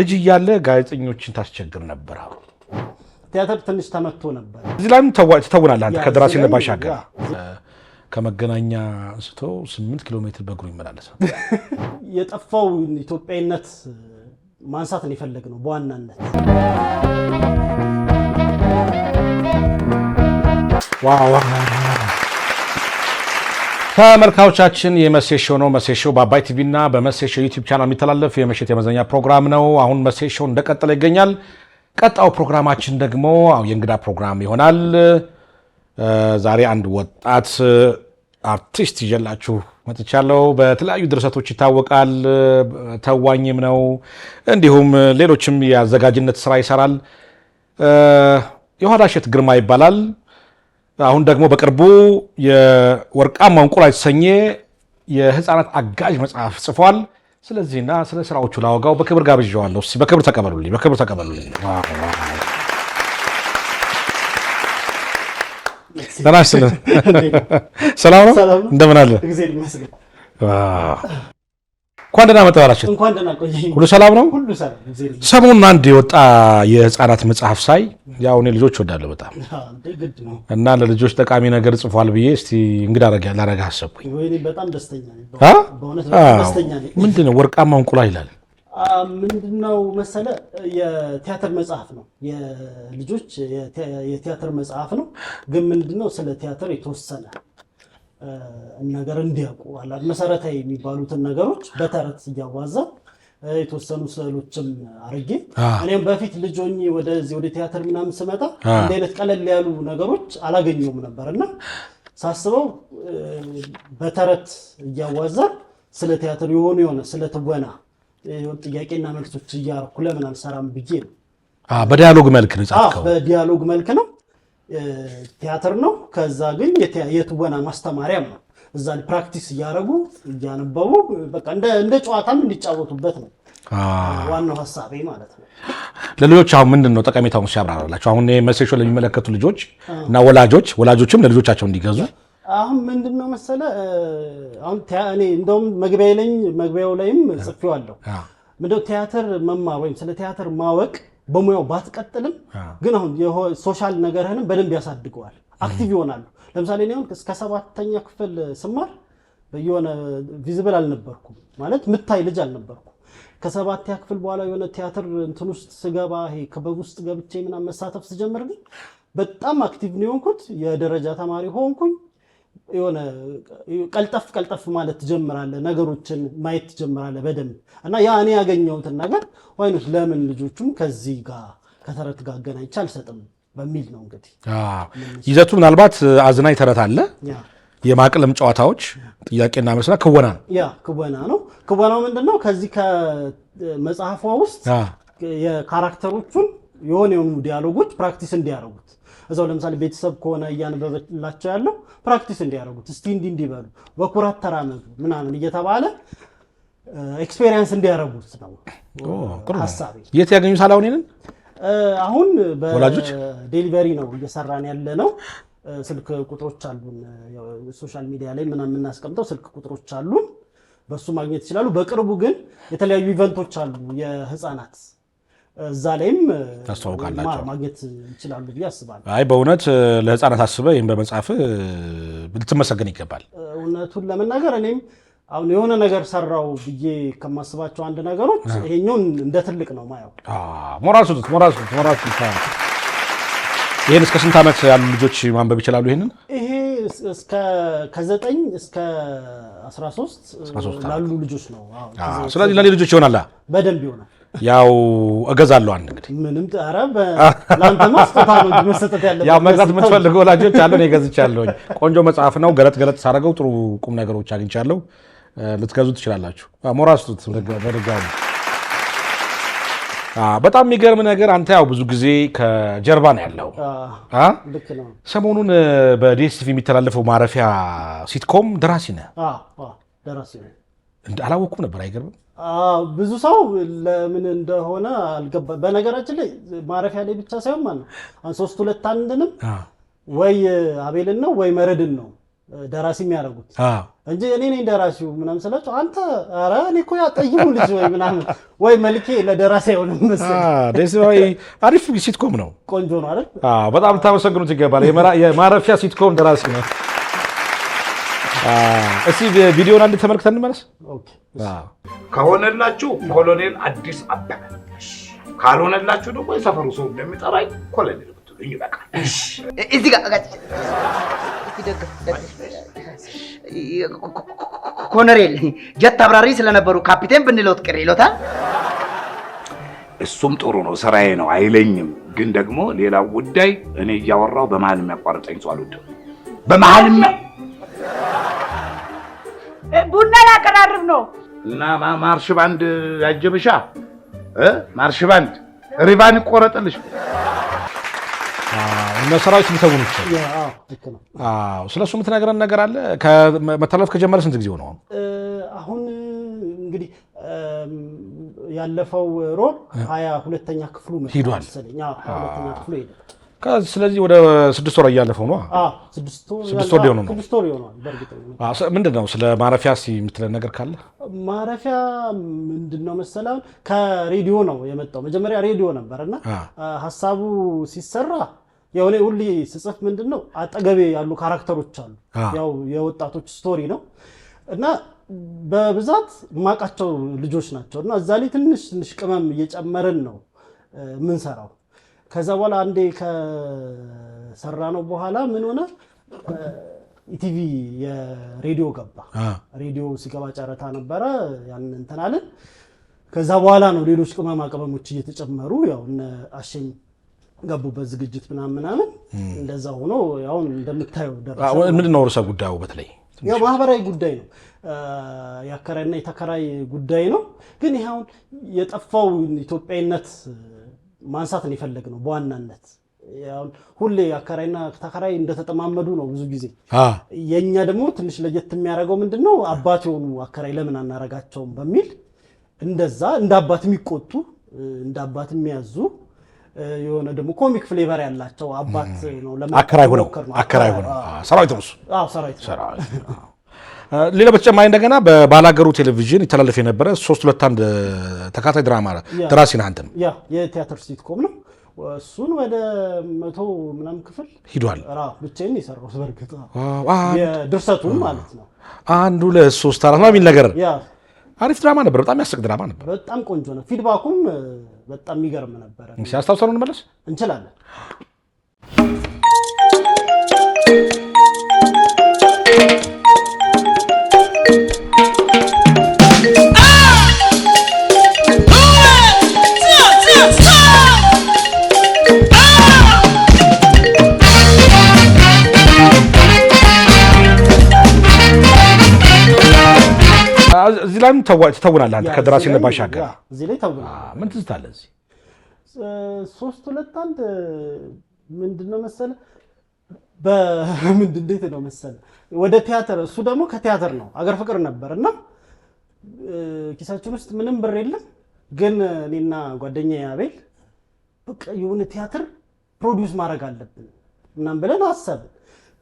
ልጅ እያለ ጋዜጠኞችን ታስቸግር ነበር። ቲያትር ትንሽ ተመቶ ነበር። እዚህ ላይም ትተውናለህ አንተ ከደራሲነት ባሻገር ከመገናኛ አንስቶ ስምንት ኪሎ ሜትር በእግሩ ይመላለስ። የጠፋው ኢትዮጵያዊነት ማንሳት ነው ነው በዋናነት። ዋ። ተመልካዮቻችን የመሴሾ ነው። መሴሾ በአባይ ቲቪና በመሴሾ ዩቲዩብ ቻናል የሚተላለፍ የምሽት የመዝናኛ ፕሮግራም ነው። አሁን መሴሾ እንደቀጠለ ይገኛል። ቀጣው ፕሮግራማችን ደግሞ የእንግዳ ፕሮግራም ይሆናል። ዛሬ አንድ ወጣት አርቲስት ይዤላችሁ መጥቻለሁ። በተለያዩ ድርሰቶች ይታወቃል። ተዋኝም ነው፣ እንዲሁም ሌሎችም የአዘጋጅነት ስራ ይሰራል። የኋዳሸት ግርማ ይባላል። አሁን ደግሞ በቅርቡ የወርቃማ እንቁላል የተሰኘ የህፃናት አጋዥ መጽሐፍ ጽፏል። ስለዚህና ስለ ስራዎቹ ላወጋው በክብር ጋብዣዋለሁ። እስኪ በክብር ተቀበሉልኝ፣ በክብር ተቀበሉልኝ። ሰላም ነው፣ እንደምን አለ? እንኳን ደህና መጣህ በላችን። ሁሉ ሰላም ነው። ሰሞኑን አንድ የወጣ የህፃናት መጽሐፍ ሳይ ያው እኔ ልጆች ወዳለሁ በጣም እና ለልጆች ጠቃሚ ነገር ጽፏል ብዬ እስቲ እንግዳ ላረጋ አሰብኩኝ። ምንድን ነው ወርቃማ እንቁላ ይላል። ምንድነው መሰለ የቲያትር መጽሐፍ ነው፣ የልጆች የቲያትር መጽሐፍ ነው። ግን ምንድነው ስለ ቲያትር የተወሰነ ነገር እንዲያውቁ መሰረታዊ የሚባሉትን ነገሮች በተረት እያዋዛ የተወሰኑ ስዕሎችም አርጌ እኔም በፊት ልጆኝ ወደዚህ ወደ ቲያትር ምናምን ስመጣ እንደ አይነት ቀለል ያሉ ነገሮች አላገኘውም ነበር እና ሳስበው በተረት እያዋዛ ስለ ቲያትር የሆኑ የሆነ ስለ ትወና ጥያቄና መልሶች እያረኩ ለምን አልሰራም ብዬ ነው። በዲያሎግ መልክ ነው የጻፍከው? በዲያሎግ መልክ ነው። ቲያትር ነው። ከዛ ግን የትወና ማስተማሪያም ነው እዛ ፕራክቲስ እያደረጉ እያነበቡ እንደ ጨዋታም እንዲጫወቱበት ነው ዋናው ሀሳቤ ማለት ነው። ለልጆች አሁን ምንድን ነው ጠቀሜታውን ሲያብራራላቸው አሁን መሴሾ ለሚመለከቱ ልጆች እና ወላጆች ወላጆችም ለልጆቻቸው እንዲገዙ አሁን ምንድን ነው መሰለ አሁን እንደውም መግቢያ ላይ መግቢያው ላይም ጽፌዋለሁ። አለው ነው ቲያትር መማር ወይም ስለ ቲያትር ማወቅ በሙያው ባትቀጥልም ግን አሁን ሶሻል ነገርህንም በደንብ ያሳድገዋል። አክቲቭ ይሆናሉ። ለምሳሌ እኔ አሁን እስከ ሰባተኛ ክፍል ስማር የሆነ ቪዝብል አልነበርኩም ማለት ምታይ ልጅ አልነበርኩም። ከሰባተኛ ክፍል በኋላ የሆነ ቲያትር እንትን ውስጥ ስገባ ይሄ ክበብ ውስጥ ገብቼ ምናምን መሳተፍ ስጀምር ግን በጣም አክቲቭ ነው የሆንኩት። የደረጃ ተማሪ ሆንኩኝ። የሆነ ቀልጠፍ ቀልጠፍ ማለት ትጀምራለ፣ ነገሮችን ማየት ትጀምራለ በደንብ እና ያ እኔ ያገኘሁትን ነገር ወይኖች ለምን ልጆቹም ከዚህ ጋር ከተረት ጋር አገናኝቼ አልሰጥም በሚል ነው እንግዲህ ይዘቱ ምናልባት አዝናኝ ተረት አለ፣ የማቅለም ጨዋታዎች፣ ጥያቄና መስላ ክወና ነው ያ ክወና ነው። ክወናው ምንድን ነው? ከዚህ ከመጽሐፏ ውስጥ የካራክተሮቹን የሆነ የሆኑ ዲያሎጎች ፕራክቲስ እንዲያደርጉት እዛው ለምሳሌ ቤተሰብ ከሆነ እያነበበላቸው ያለው ፕራክቲስ እንዲያደርጉት እስቲ እንዲ እንዲበሉ በኩራት ተራመዱ ምናምን እየተባለ ኤክስፔሪንስ እንዲያደርጉት ነው ሀሳቤ። የት ያገኙት አላሁኔንን አሁን በዴሊቨሪ ነው እየሰራን ያለ ነው። ስልክ ቁጥሮች አሉን፣ ሶሻል ሚዲያ ላይ ምናምን የምናስቀምጠው ስልክ ቁጥሮች አሉን፣ በሱ ማግኘት ይችላሉ። በቅርቡ ግን የተለያዩ ኢቨንቶች አሉ የህፃናት እዛ ላይም ታስተዋውቃላቸው ማግኘት ይችላሉ ብዬ አስባለሁ። አይ በእውነት ለህፃናት አስበህ ይህም በመጽሐፍ ልትመሰገን ይገባል። እውነቱን ለመናገር እኔም አሁን የሆነ ነገር ሰራው ብዬ ከማስባቸው አንድ ነገሮች ይሄኛውን እንደ ትልቅ ነው ማየው። ሞራል ስጡት፣ ሞራል ስጡት፣ ሞራል ስጡት። ይሄን እስከ ስንት ዓመት ያሉ ልጆች ማንበብ ይችላሉ? ይህንን ይሄ እስከ ከዘጠኝ እስከ 13 ላሉ ልጆች ነው። ስለዚህ ለኔ ልጆች ይሆናል፣ በደንብ ይሆናል። ያው እገዛለሁ። አንድ እንግዲህ ምንም ኧረ ለአንተማ ስጦታ ነው መሰጠት ያለ ያው መግዛት የምትፈልገው ወላጆች አለን፣ እኔ ቆንጆ መጽሐፍ ነው። ገለጥ ገለጥ ሳደርገው ጥሩ ቁም ነገሮች አግኝቻለሁ። ልትገዙ ትችላላችሁ። ሞራስቱት በድጋሚ በጣም የሚገርም ነገር አንተ ያው ብዙ ጊዜ ከጀርባ ነው ያለው። ሰሞኑን በዲኤስቲቪ የሚተላለፈው ማረፊያ ሲትኮም ደራሲ ነህ። አላወኩም ነበር። አይገርምም? ብዙ ሰው ለምን እንደሆነ አልገባ። በነገራችን ላይ ማረፊያ ላይ ብቻ ሳይሆን ማለት ነው ሶስት ሁለት አንድንም ወይ አቤልን ነው ወይ መረድን ነው ደራሲ የሚያደርጉት እንጂ እኔ ነኝ ደራሲው ምናም ስላቸው፣ አንተ ኧረ እኔ እኮ ያጠይሙ ልጅ ወይ ምናም ወይ መልኬ ለደራሲ አይሆንም መሰለኝ። አሪፍ ሲትኮም ነው፣ ቆንጆ ነው አይደል? በጣም ታመሰግኑት ይገባል። የማረፊያ ሲትኮም ደራሲ ነው። እስቲ ቪዲዮን አንድ ተመልክተን እንመለስ። ከሆነላችሁ ኮሎኔል አዲስ አበበ፣ ካልሆነላችሁ ደግሞ የሰፈሩ ሰው እንደሚጠራኝ ኮሎኔል እንድትሉልኝ ይበቃል። እዚህ ጋር ኮነሬል ጀት አብራሪ ስለነበሩ ካፒቴን ብንለውት ቅር ይሎታል። እሱም ጥሩ ነው፣ ስራዬ ነው አይለኝም። ግን ደግሞ ሌላው ጉዳይ እኔ እያወራው በመሀል የሚያቋርጠኝ ሰው አልወድም። በመሀል ቡና ላቀራርብ ነው እና ማርሽ ባንድ ያጀብሻ ማርሽ ባንድ ሪቫን ይቆረጥልሽ። ሰራዊት የሚሰው ስለ እሱ የምትነግረን ነገር አለ? መተላለፍ ከጀመረ ስንት ጊዜው ነው? አሁን እንግዲህ ያለፈው ሮብ ሀያ ሁለተኛ ክፍሉ ሄዷል። ስለዚህ ወደ ስድስት ወር እያለፈው ነው። ስድስት ወር ሊሆኑ ነው። ምንድን ነው ስለ ማረፊያ የምትለን ነገር ካለ? ማረፊያ ምንድን ነው መሰለህ፣ ከሬዲዮ ነው የመጣው። መጀመሪያ ሬዲዮ ነበር እና ሀሳቡ ሲሰራ ያው እኔ ሁሌ ስጽፍ ምንድን ነው አጠገቤ ያሉ ካራክተሮች አሉ። ያው የወጣቶች ስቶሪ ነው እና በብዛት ማቃቸው ልጆች ናቸው እና እዛ ላይ ትንሽ ትንሽ ቅመም እየጨመርን ነው የምንሰራው። ከዛ በኋላ አንዴ ከሰራ ነው በኋላ ምን ሆነ ኢቲቪ የሬዲዮ ገባ። ሬዲዮ ሲገባ ጨረታ ነበረ ያን እንትን አለን። ከዛ በኋላ ነው ሌሎች ቅመማ ቅመሞች እየተጨመሩ ያው እነ አሸኝ ገቡበት ዝግጅት ምናምን ምናምን እንደዛ ሆኖ ያው እንደምታየው ደረሰ። ምንድን ነው ርዕሰ ጉዳዩ? በተለይ ማህበራዊ ጉዳይ ነው፣ የአከራይና የተከራይ ጉዳይ ነው። ግን ይህ አሁን የጠፋው ኢትዮጵያዊነት ማንሳት ነው የፈለግ ነው በዋናነት ሁሌ አከራይና ተከራይ እንደተጠማመዱ ነው ብዙ ጊዜ። የእኛ ደግሞ ትንሽ ለየት የሚያደርገው ምንድን ነው አባት የሆኑ አከራይ ለምን አናረጋቸውም በሚል እንደዛ እንደ አባት የሚቆጡ እንደ አባት የሚያዙ የሆነ ደግሞ ኮሚክ ፍሌቨር ያላቸው አባት ነው። አከራይ ሆነው አከራይ ሆነው ሰራዊት ነው አዎ ሰራዊት ነው። ሌላ በተጨማሪ እንደገና በባላገሩ ቴሌቪዥን ይተላለፍ የነበረ ሶስት ሁለት አንድ ተካታይ ድራማ ደራሲ ነህ ነው። ያ የቲያትር ሲትኮም ነው። እሱን ወደ መቶ ምናምን ክፍል ሂዷል። ብቻዬን የሰራሁት በእርግጥ የድርሰቱን ማለት ነው። አንዱ ለሶስት ሶስት አራት የሚል ነገር አሪፍ ድራማ ነበር። በጣም ያስቅ ድራማ ነበር። በጣም ቆንጆ ነው። ፊድባኩም በጣም የሚገርም ነበረ። ሲያስታውሰን እንመለስ እንችላለን። እዚህ ላይም ትተውናለህ አንተ ከደራሲነት ባሻገር እዚህ ላይ ተውናለህ። ምን ትዝታ አለ እዚህ ሶስት ሁለት አንድ ምንድን ነው መሰለህ በምንድን እንዴት ነው መሰለህ ወደ ቲያትር እሱ ደግሞ ከቲያትር ነው አገር ፍቅር ነበር እና ኪሳችን ውስጥ ምንም ብር የለም ግን እኔና ጓደኛዬ አቤል በቃ የሆነ ቲያትር ፕሮዲውስ ማድረግ አለብን ምናምን ብለን አሰብን።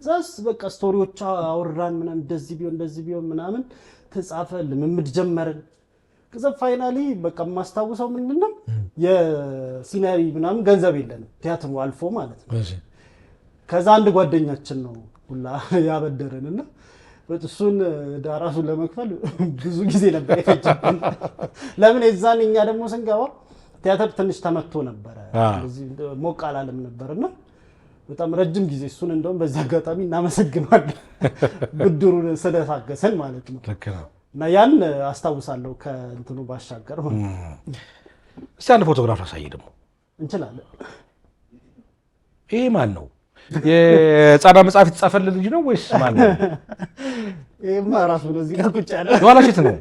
እዛስ በቃ ስቶሪዎች አወራን ምናምን እንደዚህ ቢሆን እንደዚህ ቢሆን ምናምን ተጻፈ፣ ልምምድ ጀመርን። ከዛ ፋይናሊ በቃ የማስታውሰው ምንድነው የሲነሪ ምናምን ገንዘብ የለንም ቲያትሩ አልፎ ማለት ነው። ከዛ አንድ ጓደኛችን ነው ሁላ ያበደረን እና እሱን ራሱን ለመክፈል ብዙ ጊዜ ነበር የፈጀብን። ለምን የዛን እኛ ደግሞ ስንገባ ቲያትር ትንሽ ተመቶ ነበረ ሞቅ አላለም ነበርና በጣም ረጅም ጊዜ እሱን እንደውም በዚህ አጋጣሚ እናመሰግናለን፣ ብድሩን ስለታገሰን ማለት ነው። እና ያን አስታውሳለሁ ከእንትኑ ባሻገር። እስቲ አንድ ፎቶግራፍ አሳይ ደግሞ እንችላለን። ይህ ማን ነው? የጻና መጽሐፍ የተጻፈልን ልጅ ነው ወይስ ማን ነው? ይህማ ራሱ ነው። እዚህ ጋር ቁጭ ያለ የኋላሽት ነው።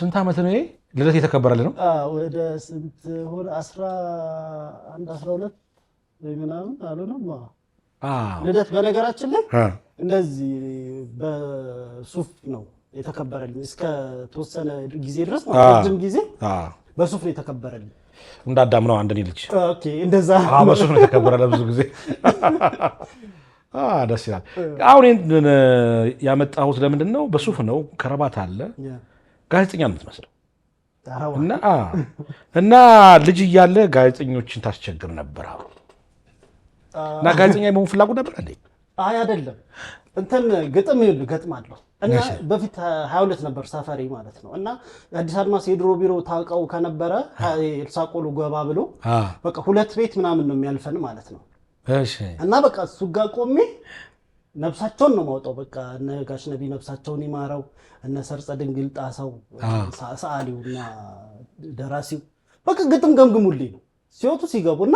ስንት ዓመት ነው? ይሄ ልደት የተከበረልህ ነው። ወደ ስንት ሆነ? አስራ አንድ አስራ ሁለት ምናምን አልሆነም። ልደት በነገራችን ላይ እንደዚህ በሱፍ ነው የተከበረልኝ እስከ ተወሰነ ጊዜ ድረስ ረጅም ጊዜ በሱፍ ነው የተከበረልኝ። እንዳዳም ነው አንድ ልጅ እንደዛ በሱፍ ነው የተከበረ ለብዙ ጊዜ ደስ ይላል። አሁን ያመጣሁት ለምንድን ነው? በሱፍ ነው ከረባት አለ ጋዜጠኛ ነው የምትመስለው። እና ልጅ እያለ ጋዜጠኞችን ታስቸግር ነበር አሉ እና ጋዜጠኛ የመሆን ፍላጎት ነበር እንዴ? አይ አይደለም፣ እንትን ግጥም ገጥማለሁ እና በፊት ሀያ ሁለት ነበር ሰፈሪ ማለት ነው። እና አዲስ አድማስ የድሮ ቢሮ ታውቀው ከነበረ ሳቆሎ ገባ ብሎ በቃ ሁለት ቤት ምናምን ነው የሚያልፈን ማለት ነው። እና በቃ እሱ ጋር ቆሜ ነብሳቸውን ነው ማውጣው። በቃ እነ ጋሽ ነቢ ነብሳቸውን ይማረው፣ እነ ሰርጸ ድንግል ጣሰው እና ደራሲው በቃ ግጥም ገምግሙልኝ ነው ሲወጡ ሲገቡና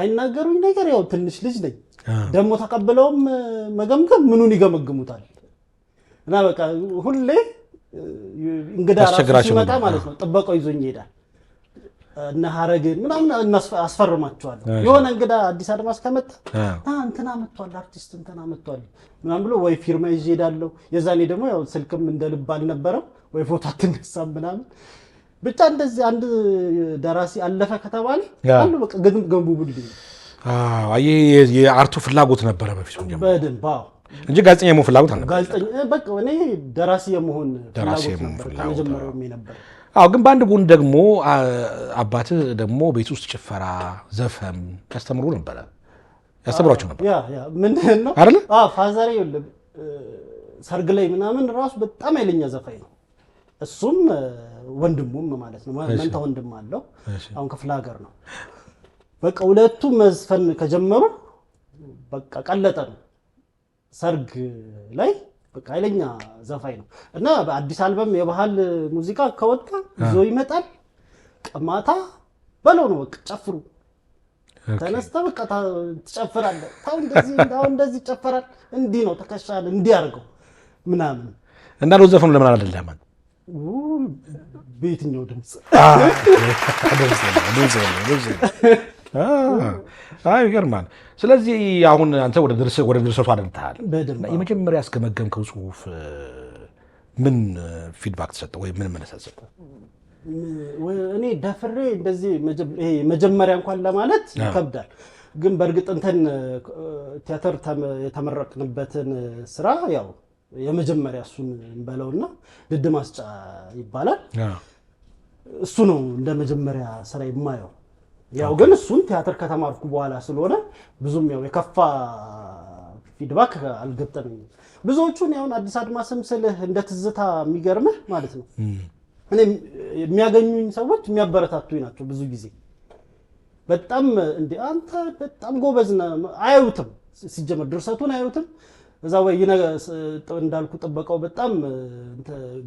አይናገሩኝ ነገር ያው ትንሽ ልጅ ነኝ ደግሞ ተቀብለውም መገምገም ምኑን ይገመግሙታል? እና በቃ ሁሌ እንግዳ ራሱ ሲመጣ ማለት ነው ጥበቃው ይዞኝ ይሄዳል። እነ ሀረግን ምናምን አስፈርማቸዋለሁ። የሆነ እንግዳ አዲስ አድማስ ከመጣ እንትና መጥቷል፣ አርቲስት እንትና መጥቷል ምናምን ብሎ ወይ ፊርማ ይዤ እሄዳለሁ። የዛኔ ደግሞ ያው ስልክም እንደ ልብ አልነበረም፣ ወይ ፎቶ አትነሳም ምናምን ብቻ እንደዚህ አንድ ደራሲ አለፈ ከተባለ አሉ በቃ ገንቡ ብል የአርቱ ፍላጎት ነበረ በፊት በደንብ እንጂ ጋዜጠኛ የመሆን ፍላጎት አልነበረም። ደራሲ የመሆን ፍላጎት ነበር። አዎ ግን በአንድ ጎን ደግሞ አባት ደግሞ ቤት ውስጥ ጭፈራ፣ ዘፈን ያስተምሩ ነበረ ያስተምሯቸው ነበር። ምንድን ነው ፋዘሬ ሰርግ ላይ ምናምን ራሱ በጣም አይለኛ ዘፋኝ ነው እሱም ወንድሙም ማለት ነው። መንታ ወንድም አለው። አሁን ክፍለ ሀገር ነው። በቃ ሁለቱ መዝፈን ከጀመሩ በቃ ቀለጠ ነው። ሰርግ ላይ በቃ ኃይለኛ ዘፋኝ ነው እና በአዲስ አልበም የባህል ሙዚቃ ከወጣ ይዞ ይመጣል። ቅማታ በለው ነው በቃ ጨፍሩ ተነስተ በቃ ትጨፍራለህ። ታው እንደዚህ ታው እንደዚህ ይጨፈራል። እንዲህ ነው ተከሻል እንዲህ አድርገው ምናምን እንዳለው ዘፈኑ ለምን አይደለም በየትኛው ድምፅ ይገርማል። ስለዚህ አሁን አንተ ወደ ድርሰቱ አድርተሃል። የመጀመሪያ ያስገመገምከው ጽሁፍ ምን ፊድባክ ተሰጠ ወይ ምን መለሰ ተሰጠ? እኔ ደፍሬ እንደዚህ መጀመሪያ እንኳን ለማለት ይከብዳል። ግን በእርግጥ እንትን ቲያትር የተመረቅንበትን ስራ ያው የመጀመሪያ እሱን እንበለውና ድድ ማስጫ ይባላል። እሱ ነው እንደ መጀመሪያ ስራ የማየው። ያው ግን እሱን ቲያትር ከተማርኩ በኋላ ስለሆነ ብዙም ያው የከፋ ፊድባክ አልገጠመኝም። ብዙዎቹን ያሁን አዲስ አድማስም ስልህ እንደ ትዝታ የሚገርምህ ማለት ነው እኔ የሚያገኙኝ ሰዎች የሚያበረታቱኝ ናቸው። ብዙ ጊዜ በጣም እንደ አንተ በጣም ጎበዝ ነህ አያዩትም፣ ሲጀመር ድርሰቱን አያዩትም እዛ ወይ እንዳልኩ ጥበቃው በጣም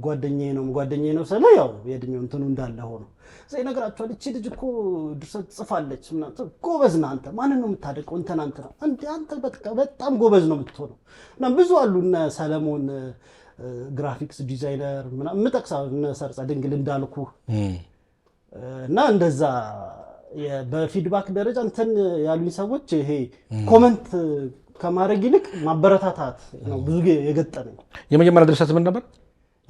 ጓደኛዬ ነው ጓደኛዬ ነው ስለ ያው የእድሜው እንትኑ እንዳለ ሆኖ እዛ ይነግራቸዋል። እቺ ልጅ እኮ ድርሰት ጽፋለች ጎበዝ ነህ አንተ ማንን ነው የምታደቀው? እንትን አንተ ነው እንደ አንተ በቃ በጣም ጎበዝ ነው የምትሆነው። እና ብዙ አሉ እነ ሰለሞን ግራፊክስ ዲዛይነር ምናምን የምጠቅሳ እነ ሰርጸ ድንግል እንዳልኩ እና እንደዛ በፊድባክ ደረጃ እንትን ያሉኝ ሰዎች ይሄ ኮመንት ከማድረግ ይልቅ ማበረታታት ነው ብዙ ጊዜ የገጠመኝ። የመጀመሪያ ድርሰት ምን ነበር?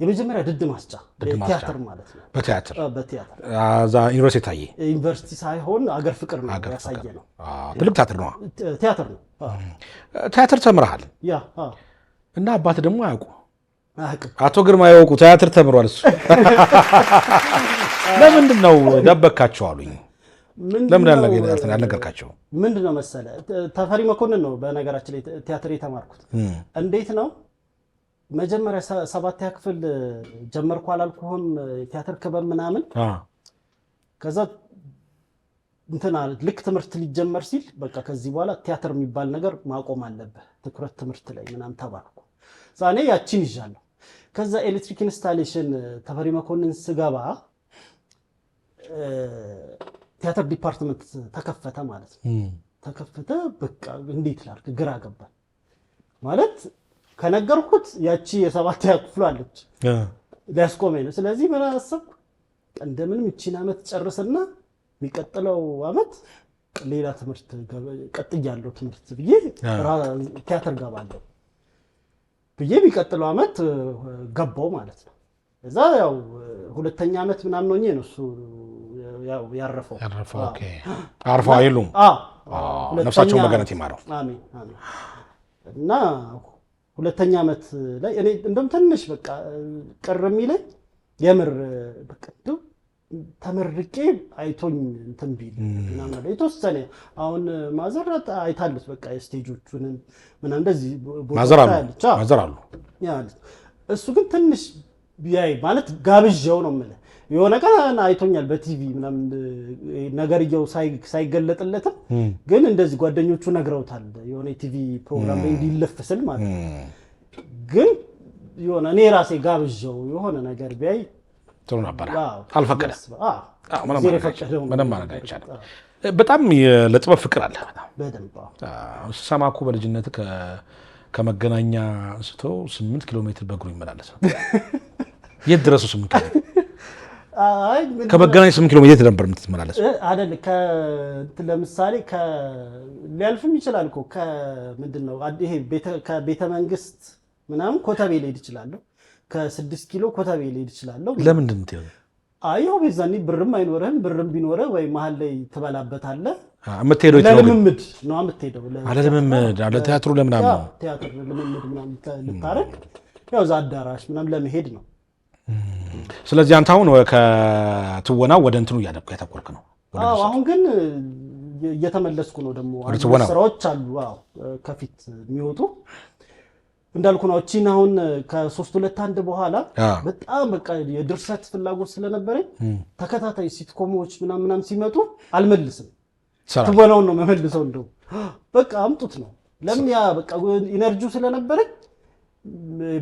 የመጀመሪያ ድድ ማስጫ ቲያትር ማለት ነው። በቲያትር ዩኒቨርሲቲ ታየ ዩኒቨርሲቲ ሳይሆን አገር ፍቅር ነው ያሳየ ነው። ትልቅ ቲያትር ነው። ቲያትር ነው። ቲያትር ተምረሃል ያ እና አባት ደግሞ አያውቁ አቶ ግርማ ያውቁ ቲያትር ተምሯል እሱ። ለምንድን ነው ደበካቸው አሉኝ። ለምን ያልነገርካቸው? ምንድን ነው መሰለ፣ ተፈሪ መኮንን ነው በነገራችን ላይ ቲያትር የተማርኩት። እንዴት ነው መጀመሪያ ሰባተኛ ክፍል ጀመርኩ አላልኩህም? ቲያትር ክበብ ምናምን። ከዛ እንትና ልክ ትምህርት ሊጀመር ሲል በቃ ከዚህ በኋላ ቲያትር የሚባል ነገር ማቆም አለብህ፣ ትኩረት ትምህርት ላይ ምናምን ተባልኩ። ዛኔ ያቺን ይዣለሁ። ከዛ ኤሌክትሪክ ኢንስታሌሽን ተፈሪ መኮንን ስገባ ቲያትር ዲፓርትመንት ተከፈተ ማለት ነው። ተከፈተ በቃ እንዴት ላድርግ ግራ ገባል። ማለት ከነገርኩት ያቺ የሰባተኛ ክፍሉ አለች ሊያስቆመኝ ነው። ስለዚህ ምን አሰብኩ፣ እንደምንም ይቺን ዓመት ጨርስና የሚቀጥለው ዓመት ሌላ ትምህርት ቀጥያለሁ ትምህርት ብዬ ቲያትር ገባለሁ ብዬ የሚቀጥለው ዓመት ገባው ማለት ነው። እዛ ያው ሁለተኛ ዓመት ምናምን ሆኜ ነው እሱ ያረፈው ያረፈው። ኦኬ አርፈው አይሉም። አዎ ነፍሳቸውን በገነት ይማረው። አሜን አሜን። እና ሁለተኛ ዓመት ላይ እኔ እንደውም ትንሽ በቃ ቅር የሚለኝ የምር በቃ ተመርቄ አይቶኝ እንትን ቢል ምናምን የተወሰነ አሁን ማዘር አይታለች። በቃ የስቴጆቹንም ምናምን እንደዚህ ማዘር አሉ። እሱ ግን ትንሽ ቢያይ ማለት ጋብዣው ነው የምልህ የሆነ ቀን አይቶኛል በቲቪ ምናምን ነገርየው ሳይገለጥለትም ግን እንደዚህ ጓደኞቹ ነግረውታል። የሆነ የቲቪ ፕሮግራም ላይ እንዲለፍስል ማለት ነው። ግን የሆነ እኔ ራሴ ጋብዣው የሆነ ነገር ቢያይ ጥሩ ነበረ። አልፈቀደም፣ ማድረግ አይቻልም። በጣም ለጥበብ ፍቅር አለ። ሰማኩ በልጅነት ከመገናኛ አንስቶ ስምንት ኪሎ ሜትር በእግሩ ይመላለስ ነው። የት ድረሱ? ስምንት ኪሎ ከመገናኛ ስምንት ኪሎ ሜትር ነበር የምትመላለሱ አይደል? ለምሳሌ ሊያልፍም ይችላል እኮ ከምንድን ነው ይሄ ከቤተ መንግስት ምናምን ኮተቤ ልሄድ እችላለሁ። ከስድስት ኪሎ ኮተቤ ልሄድ እችላለሁ። ለምንድን ነው አይሆ በዛኔ ብርም አይኖርህም። ብርም ቢኖረ ወይ መሀል ላይ ትበላበታለህ። የምትሄደው ለልምምድ ነው የምትሄደው ለልምምድ ለቲያትሩ ለምናምን ቲያትር ልምምድ ምናምን ልታረግ ያው እዛ አዳራሽ ምናምን ለመሄድ ነው ስለዚህ አንተ አሁን ከትወናው ወደ እንትኑ እያደብኩ ያተኮርክ ነው። አሁን ግን እየተመለስኩ ነው። ደግሞ ስራዎች አሉ ከፊት የሚወጡ እንዳልኩ ነው። እቺን አሁን ከሶስት ሁለት አንድ በኋላ በጣም በቃ የድርሰት ፍላጎት ስለነበረኝ ተከታታይ ሲትኮሞች ምናምናም ሲመጡ አልመልስም፣ ትወናውን ነው መመልሰው። እንደው በቃ አምጡት ነው ለምን ያ በቃ ኢነርጂው ስለነበረኝ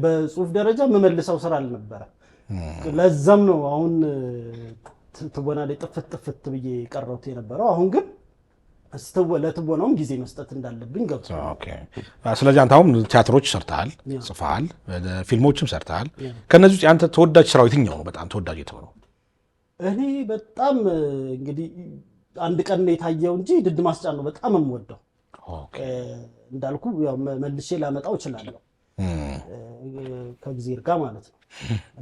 በጽሁፍ ደረጃ መመልሰው ስራ አልነበረ ለዛም ነው አሁን ትወና ላይ ጥፍት ጥፍት ብዬ ቀረሁት የነበረው። አሁን ግን ለትወናውም ጊዜ መስጠት እንዳለብኝ ገብቶ። ስለዚህ አንተ አሁን ቲያትሮች ሰርተሃል፣ ጽፈሃል፣ ፊልሞችም ሰርተሃል። ከእነዚህ ውስጥ አንተ ተወዳጅ ስራው የትኛው ነው? በጣም ተወዳጅ የተሆነው? እኔ በጣም እንግዲህ አንድ ቀን ነው የታየው እንጂ ድድ ማስጫን ነው በጣም የምወደው። እንዳልኩ መልሼ ላመጣው እችላለሁ ከእግዚአብሔር ጋር ማለት ነው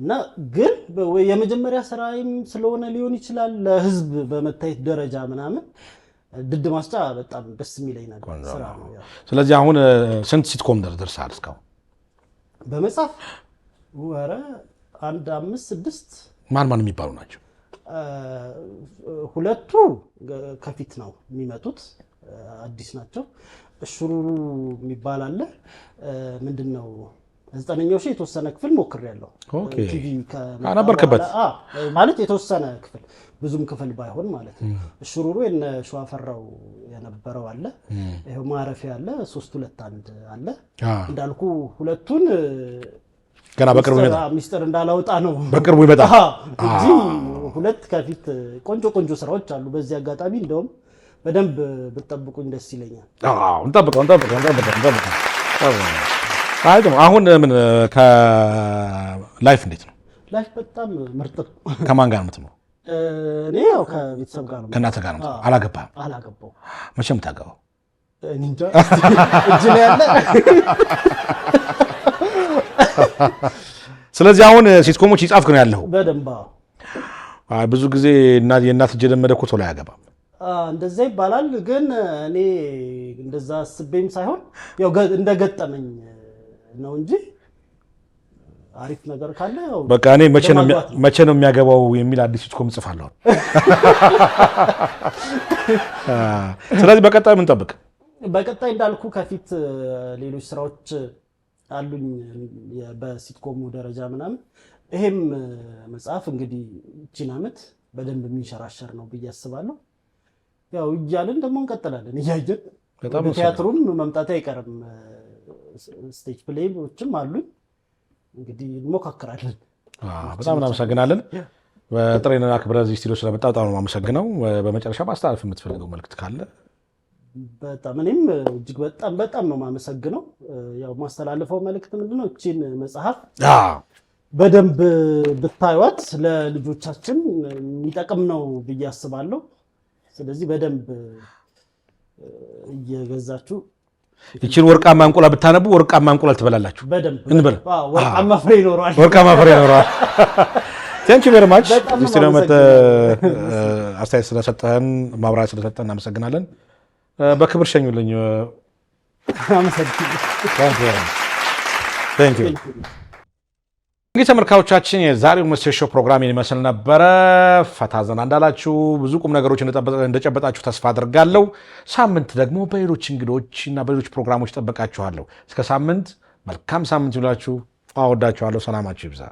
እና ግን የመጀመሪያ ስራይም ስለሆነ ሊሆን ይችላል ለህዝብ በመታየት ደረጃ ምናምን ድድ ማስጫ በጣም ደስ የሚለኝ ነገር ስራ ነው። ስለዚህ አሁን ስንት ሲትኮም ደርሰሃል እስካሁን? በመጽሐፍ ወረ አንድ አምስት ስድስት ማን ማን የሚባሉ ናቸው? ሁለቱ ከፊት ነው የሚመጡት አዲስ ናቸው። እሹሩሩ የሚባል አለ። ምንድን ነው ዘጠነኛው ሺ የተወሰነ ክፍል ሞክር ነበርክበት ማለት የተወሰነ ክፍል ብዙም ክፍል ባይሆን ማለት ነው። እሹሩሩ የነ ሸዋፈራው የነበረው አለ። ይኸው ማረፊያ አለ። ሶስት ሁለት አንድ አለ። እንዳልኩ ሁለቱን ገና በቅርቡ ሚስጥር እንዳላወጣ ነው፣ በቅርቡ ይመጣል። ሁለት ከፊት ቆንጆ ቆንጆ ስራዎች አሉ። በዚህ አጋጣሚ እንደውም በደንብ ብትጠብቁኝ ደስ ይለኛል። አሁን ምን ከላይፍ እንዴት ነው? ላይፍ በጣም ምርጥ ነው። ከማን ጋር የምትኖረው? እኔ ያው ከቤተሰብ ጋር ነው። ከእናትህ ጋር ነው። አላገባህም? አላገባሁም። መቼ የምታገባው? እጅ ያለ ስለዚህ አሁን ሲትኮሞች ይጻፍክ ነው ያለው? በደንብ ብዙ ጊዜ የእናት እጅ የለመደ እኮ ቶሎ አያገባም እንደዛ ይባላል። ግን እኔ እንደዛ አስቤም ሳይሆን ያው እንደገጠመኝ ነው እንጂ አሪፍ ነገር ካለ በቃ እኔ መቼ ነው የሚያገባው የሚል አዲስ ሲትኮም ጽፋለሁ። ስለዚህ በቀጣይ ምን ጠብቅ? በቀጣይ እንዳልኩ ከፊት ሌሎች ስራዎች አሉኝ በሲትኮሙ ደረጃ ምናምን። ይሄም መጽሐፍ እንግዲህ ይቺን በደንብ የሚንሸራሸር ነው ብዬ አስባለሁ። ያው እያልን ደግሞ እንቀጥላለን እያየን ቲያትሩም መምጣት አይቀርም። ስቴጅ ፕሌዎችም አሉኝ እንግዲህ እንሞካክራለን። በጣም እናመሰግናለን። ጥሬን አክብረህ እዚህ ስቱዲዮ ስለመጣ በጣም ነው የማመሰግነው። በመጨረሻ ማስተላለፍ የምትፈልገው መልዕክት ካለ? በጣም እኔም እጅግ በጣም በጣም ነው የማመሰግነው። ያው ማስተላለፈው መልዕክት ምንድነው፣ እቺን መጽሐፍ በደንብ ብታዩት ለልጆቻችን የሚጠቅም ነው ብዬ አስባለሁ። ስለዚህ በደንብ እየገዛችሁ ይችን ወርቃማ እንቁላ ብታነቡ ወርቃማ እንቁላል ትበላላችሁ። ወርቃማ ፍሬ ይኖረዋል። ወርቃማ ፍሬ ይኖረዋል። ቴንኪ ቬሪ ማች ስቱዲዮ መጥተህ አስተያየት ስለሰጠህን ማብራሪያ ስለሰጠህን እናመሰግናለን። በክብር ሸኙልኝ። እንግዲህ ተመልካዮቻችን የዛሬው መሴሾ ፕሮግራም ይመስል ነበረ። ፈታ ዘና እንዳላችሁ ብዙ ቁም ነገሮች እንደጨበጣችሁ ተስፋ አድርጋለሁ። ሳምንት ደግሞ በሌሎች እንግዶች እና በሌሎች ፕሮግራሞች ጠበቃችኋለሁ። እስከ ሳምንት መልካም ሳምንት ይላችሁ። አወዳችኋለሁ። ሰላማችሁ ይብዛ።